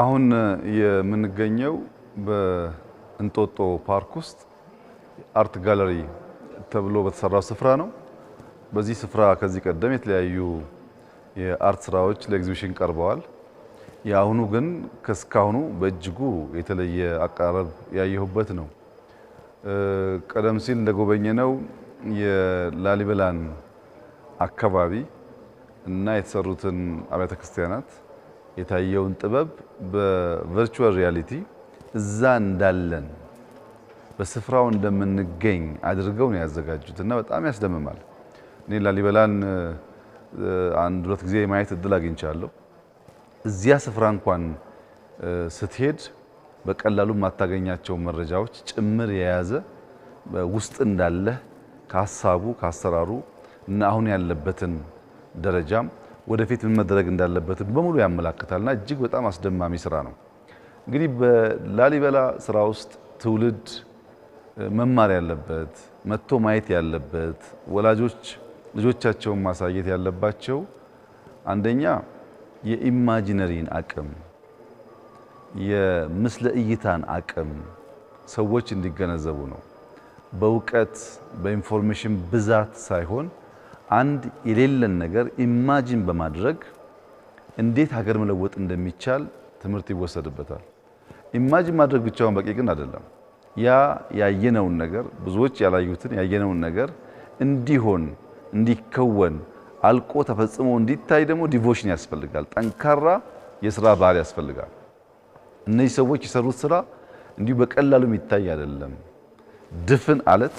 አሁን የምንገኘው በእንጦጦ ፓርክ ውስጥ አርት ጋለሪ ተብሎ በተሰራው ስፍራ ነው። በዚህ ስፍራ ከዚህ ቀደም የተለያዩ የአርት ስራዎች ለኤግዚቢሽን ቀርበዋል። የአሁኑ ግን ከስካሁኑ በእጅጉ የተለየ አቀራረብ ያየሁበት ነው። ቀደም ሲል እንደጎበኘነው የላሊበላን አካባቢ እና የተሰሩትን አብያተ ክርስቲያናት የታየውን ጥበብ በቨርቹዋል ሪያሊቲ እዛ እንዳለን በስፍራው እንደምንገኝ አድርገው ነው ያዘጋጁት እና በጣም ያስደምማል። እኔ ላሊበላን አንድ ሁለት ጊዜ የማየት እድል አግኝቻለሁ። እዚያ ስፍራ እንኳን ስትሄድ በቀላሉ የማታገኛቸው መረጃዎች ጭምር የያዘ ውስጥ እንዳለህ ከሀሳቡ ከአሰራሩ እና አሁን ያለበትን ደረጃም ወደፊት ምን መደረግ እንዳለበት በሙሉ ያመላክታልና እጅግ በጣም አስደማሚ ስራ ነው። እንግዲህ በላሊበላ ስራ ውስጥ ትውልድ መማር ያለበት መጥቶ ማየት ያለበት ወላጆች ልጆቻቸውን ማሳየት ያለባቸው አንደኛ የኢማጂነሪን አቅም የምስለ እይታን አቅም ሰዎች እንዲገነዘቡ ነው። በእውቀት በኢንፎርሜሽን ብዛት ሳይሆን አንድ የሌለን ነገር ኢማጂን በማድረግ እንዴት ሀገር መለወጥ እንደሚቻል ትምህርት ይወሰድበታል። ኢማጂን ማድረግ ብቻውን በቂ ግን አይደለም። ያ ያየነውን ነገር ብዙዎች ያላዩትን ያየነውን ነገር እንዲሆን እንዲከወን አልቆ ተፈጽሞ እንዲታይ ደግሞ ዲቮሽን ያስፈልጋል። ጠንካራ የስራ ባህል ያስፈልጋል። እነዚህ ሰዎች የሰሩት ስራ እንዲሁ በቀላሉ የሚታይ አይደለም። ድፍን አለት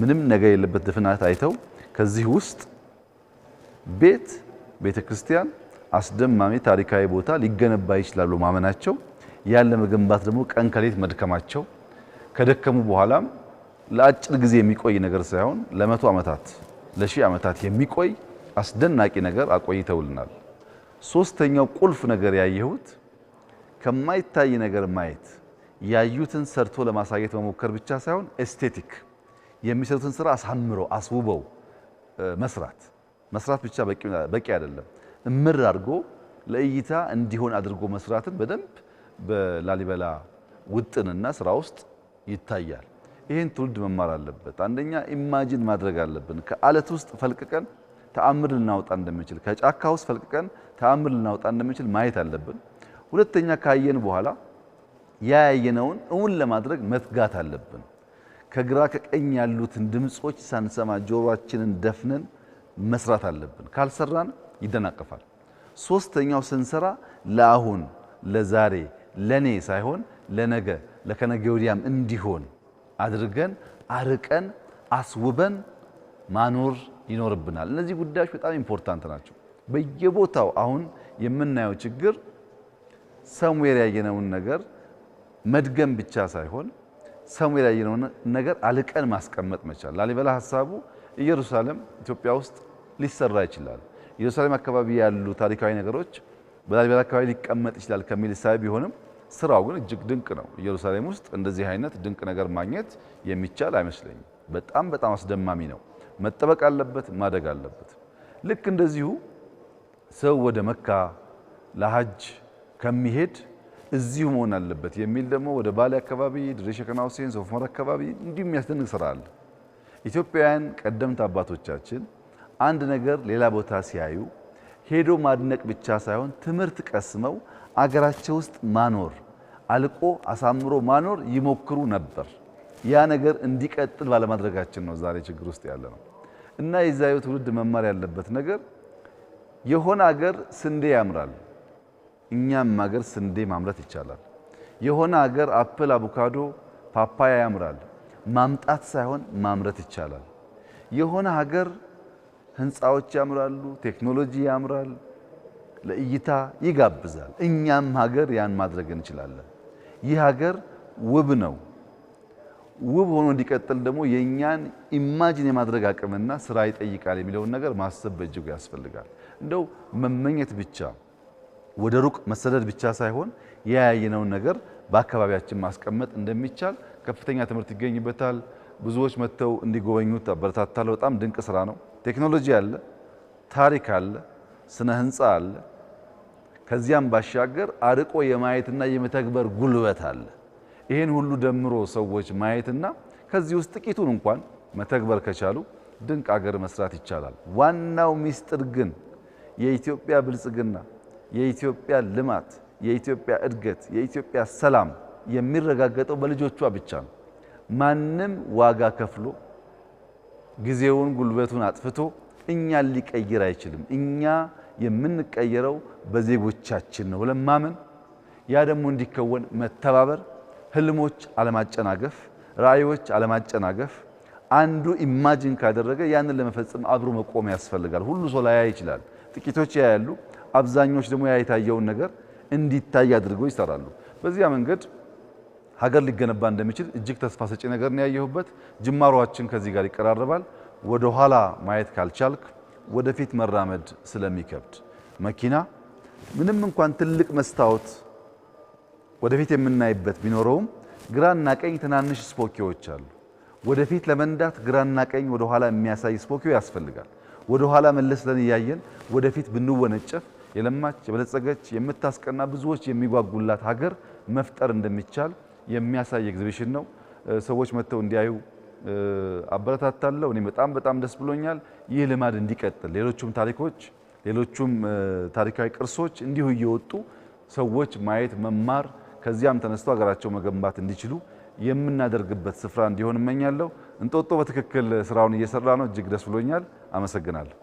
ምንም ነገር የሌለበት ድፍን አለት አይተው ከዚህ ውስጥ ቤት፣ ቤተ ክርስቲያን አስደማሚ ታሪካዊ ቦታ ሊገነባ ይችላሉ ማመናቸው ያለ መገንባት ደግሞ ቀን ከሌት መድከማቸው ከደከሙ በኋላም ለአጭር ጊዜ የሚቆይ ነገር ሳይሆን ለመቶ ዓመታት ለሺህ ዓመታት የሚቆይ አስደናቂ ነገር አቆይተውልናል። ሶስተኛው ቁልፍ ነገር ያየሁት ከማይታይ ነገር ማየት ያዩትን ሰርቶ ለማሳየት መሞከር ብቻ ሳይሆን ኤስቴቲክ የሚሰሩትን ስራ አሳምረው አስውበው መስራት መስራት ብቻ በቂ አይደለም። እምር አድርጎ ለእይታ እንዲሆን አድርጎ መስራትን በደንብ በላሊበላ ውጥንና ስራ ውስጥ ይታያል። ይህን ትውልድ መማር አለበት። አንደኛ ኢማጂን ማድረግ አለብን። ከአለት ውስጥ ፈልቅቀን ተአምር ልናወጣ እንደምንችል፣ ከጫካ ውስጥ ፈልቅቀን ተአምር ልናወጣ እንደምንችል ማየት አለብን። ሁለተኛ ካየን በኋላ ያያየነውን እውን ለማድረግ መትጋት አለብን። ከግራ ከቀኝ ያሉትን ድምፆች ሳንሰማ ጆሮአችንን ደፍነን መስራት አለብን። ካልሰራን ይደናቀፋል። ሶስተኛው ስንሰራ ለአሁን ለዛሬ ለኔ ሳይሆን ለነገ ለከነገ ወዲያም እንዲሆን አድርገን አርቀን አስውበን ማኖር ይኖርብናል። እነዚህ ጉዳዮች በጣም ኢምፖርታንት ናቸው። በየቦታው አሁን የምናየው ችግር ሰምዌር ያየነውን ነገር መድገም ብቻ ሳይሆን ሰሙኤል ያየነውን ነገር አልቀን ማስቀመጥ መቻል። ላሊበላ ሀሳቡ ኢየሩሳሌም ኢትዮጵያ ውስጥ ሊሰራ ይችላል፣ ኢየሩሳሌም አካባቢ ያሉ ታሪካዊ ነገሮች በላሊበላ አካባቢ ሊቀመጥ ይችላል ከሚል እሳቤ ቢሆንም ስራው ግን እጅግ ድንቅ ነው። ኢየሩሳሌም ውስጥ እንደዚህ አይነት ድንቅ ነገር ማግኘት የሚቻል አይመስለኝም። በጣም በጣም አስደማሚ ነው። መጠበቅ አለበት፣ ማደግ አለበት። ልክ እንደዚሁ ሰው ወደ መካ ለሀጅ ከሚሄድ እዚሁ መሆን አለበት የሚል ደግሞ ወደ ባሌ አካባቢ፣ ድሬ ሸከና ሁሴን፣ ሶፍ ዑመር አካባቢ እንዲሁ የሚያስደንቅ ስራ አለ። ኢትዮጵያውያን ቀደምት አባቶቻችን አንድ ነገር ሌላ ቦታ ሲያዩ ሄዶ ማድነቅ ብቻ ሳይሆን ትምህርት ቀስመው አገራቸው ውስጥ ማኖር አልቆ አሳምሮ ማኖር ይሞክሩ ነበር። ያ ነገር እንዲቀጥል ባለማድረጋችን ነው ዛሬ ችግር ውስጥ ያለ ነው እና የዛሬው ትውልድ መማር ያለበት ነገር የሆነ አገር ስንዴ ያምራል እኛም ሀገር ስንዴ ማምረት ይቻላል። የሆነ ሀገር አፕል፣ አቮካዶ፣ ፓፓያ ያምራል። ማምጣት ሳይሆን ማምረት ይቻላል። የሆነ ሀገር ህንፃዎች ያምራሉ፣ ቴክኖሎጂ ያምራል፣ ለእይታ ይጋብዛል። እኛም ሀገር ያን ማድረግ እንችላለን። ይህ ሀገር ውብ ነው። ውብ ሆኖ እንዲቀጥል ደግሞ የእኛን ኢማጂን የማድረግ አቅምና ስራ ይጠይቃል የሚለውን ነገር ማሰብ በእጅጉ ያስፈልጋል። እንደው መመኘት ብቻ ወደ ሩቅ መሰደድ ብቻ ሳይሆን የያየነውን ነገር በአካባቢያችን ማስቀመጥ እንደሚቻል ከፍተኛ ትምህርት ይገኝበታል። ብዙዎች መጥተው እንዲጎበኙት አበረታታለሁ። በጣም ድንቅ ስራ ነው። ቴክኖሎጂ አለ፣ ታሪክ አለ፣ ስነ ህንፃ አለ። ከዚያም ባሻገር አርቆ የማየትና የመተግበር ጉልበት አለ። ይህን ሁሉ ደምሮ ሰዎች ማየትና ከዚህ ውስጥ ጥቂቱን እንኳን መተግበር ከቻሉ ድንቅ አገር መስራት ይቻላል። ዋናው ሚስጥር ግን የኢትዮጵያ ብልጽግና የኢትዮጵያ ልማት፣ የኢትዮጵያ እድገት፣ የኢትዮጵያ ሰላም የሚረጋገጠው በልጆቿ ብቻ ነው። ማንም ዋጋ ከፍሎ ጊዜውን ጉልበቱን አጥፍቶ እኛን ሊቀይር አይችልም። እኛ የምንቀየረው በዜጎቻችን ነው ብለን ማመን፣ ያ ደግሞ እንዲከወን መተባበር፣ ህልሞች አለማጨናገፍ፣ ራዕዮች አለማጨናገፍ፣ አንዱ ኢማጂን ካደረገ ያንን ለመፈጸም አብሮ መቆም ያስፈልጋል። ሁሉ ሰው ላያ ይችላል። ጥቂቶች ያያሉ። አብዛኞች ደግሞ ያ የታየውን ነገር እንዲታይ አድርገው ይሰራሉ። በዚያ መንገድ ሀገር ሊገነባ እንደሚችል እጅግ ተስፋ ሰጪ ነገር ነው ያየሁበት። ጅማሯችን ከዚህ ጋር ይቀራረባል። ወደ ኋላ ማየት ካልቻልክ ወደፊት መራመድ ስለሚከብድ መኪና ምንም እንኳን ትልቅ መስታወት ወደፊት የምናይበት ቢኖረውም ግራና ቀኝ ትናንሽ ስፖኪዎች አሉ። ወደፊት ለመንዳት ግራና ቀኝ ወደ ኋላ የሚያሳይ ስፖኪዮ ያስፈልጋል። ወደ ኋላ መለስ ለን እያየን ወደፊት ብንወነጨፍ የለማች የበለጸገች የምታስቀና ብዙዎች የሚጓጉላት ሀገር መፍጠር እንደሚቻል የሚያሳይ ኤግዚቢሽን ነው። ሰዎች መጥተው እንዲያዩ አበረታታለሁ። እኔ በጣም በጣም ደስ ብሎኛል። ይህ ልማድ እንዲቀጥል ሌሎቹም ታሪኮች ሌሎቹም ታሪካዊ ቅርሶች እንዲሁ እየወጡ ሰዎች ማየት፣ መማር ከዚያም ተነስቶ ሀገራቸው መገንባት እንዲችሉ የምናደርግበት ስፍራ እንዲሆን እመኛለሁ። እንጦጦ በትክክል ስራውን እየሰራ ነው። እጅግ ደስ ብሎኛል። አመሰግናለሁ።